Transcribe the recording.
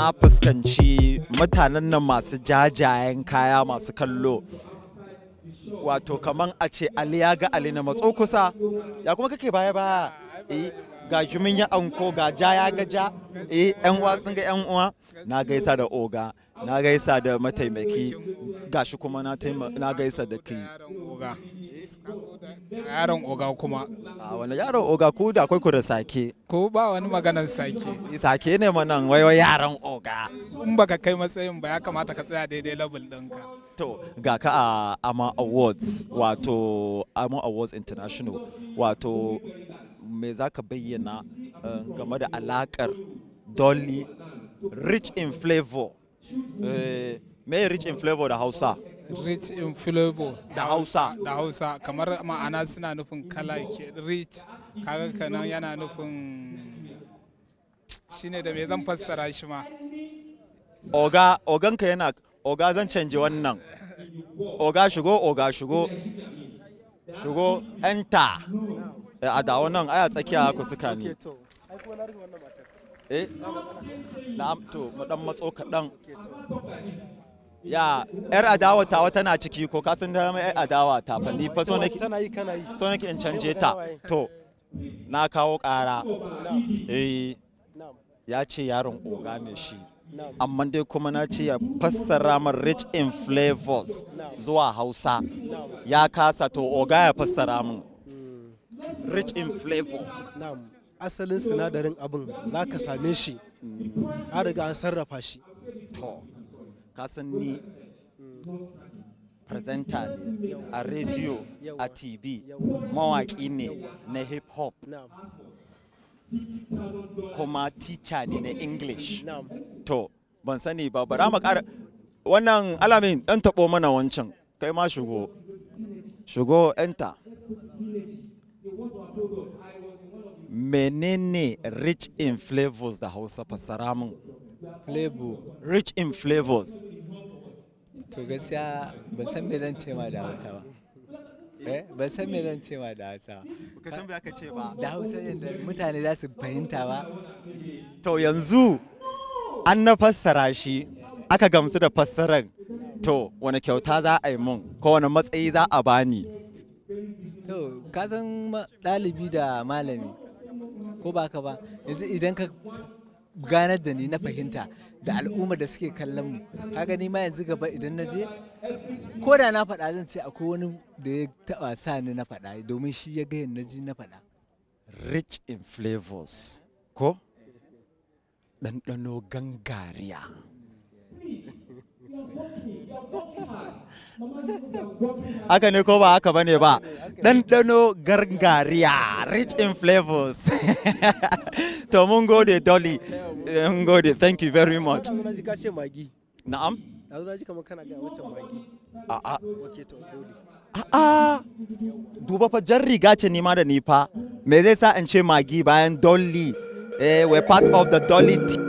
na fuskanci mutanen nan masu jajayen kaya masu kallo wato kaman a ce ali ya ga ali na matso kusa ya kuma kake baya baya eh ga jumin ya anko ga ja ya ga ja eh yan uwa sun ga yan uwa na gaisa da oga na gaisa da mataimaki gashi kuma na gaisa da ke. yaron oga kuma a wani yaro oga ku da akwai kudin sake ko ba wani maganar sake sake ne manan waiwa yaran oga in baka kai matsayin ba ya kamata ka tsaya daidai level ɗinka to ga ka a ama awards wato ama awards international wato me za ka bayyana eh, game da alakar dolly rich in flavor eh, me rich in flavor da hausa rich in flavor da hausa da hausa kamar ma'ana suna nufin kala ke rich kaga kanan yana nufin shine da me zan fassara shi ma oga ka yana oga zan canje wannan oga shigo oga shigo shigo enter eh, a da wannan aya tsakiya ku suka ne eh na'am to mu dan matso kaɗan ya yar adawa tawa tana ciki ko ka san dama yar adawa ta fa ni fa so nake tana yi kana yi so nake in canje ta to na kawo ƙara eh ya ce yaron oga ne shi amma dai kuma na ce ya fassara man rich in flavors zuwa hausa ya kasa to oga ya fassara min hmm. rich in flavor asalin sinadarin abin za ka same shi an riga an sarrafa shi to ka ni presenter a radio a tv mawaƙi ne na hip hop kuma teacher ne na english to ban sani ba bara mu ƙara wannan alamin ɗan taɓo mana wancan kai ma shigo shigo enter menene rich in flavors da hausa fassara mun flavor rich in flavors to gaskiya ban san me zan ce ma da hausa ba eh ban san me zan ce ma da hausa ba ka san me aka ce ba da hausa yadda mutane za su fahimta ba to yanzu an na fassara shi aka gamsu da fassarar to wani kyauta za a yi mun ko wani matsayi za a bani to ka san ɗalibi da malami ko ba ka ba yanzu idan ka ganar da ni na fahimta da al'ummar da suke kallon mu kaga ni ma yanzu gaba idan na je ko da na faɗa zan ce akwai wani da ya taɓa sa ni na faɗa domin shi ya ga na ji na faɗa rich in flavors ko ɗanɗano gangariya haka ne ko ba haka bane ba ɗanɗano gangariya rich in flavors to mun gode dolly Yan eh, thank you very much. Na'am? A'a. A'a. Duba fa jan riga ce nima da nifa Me zai sa in ce magi bayan dolly? Eh, we're part of the dolly team.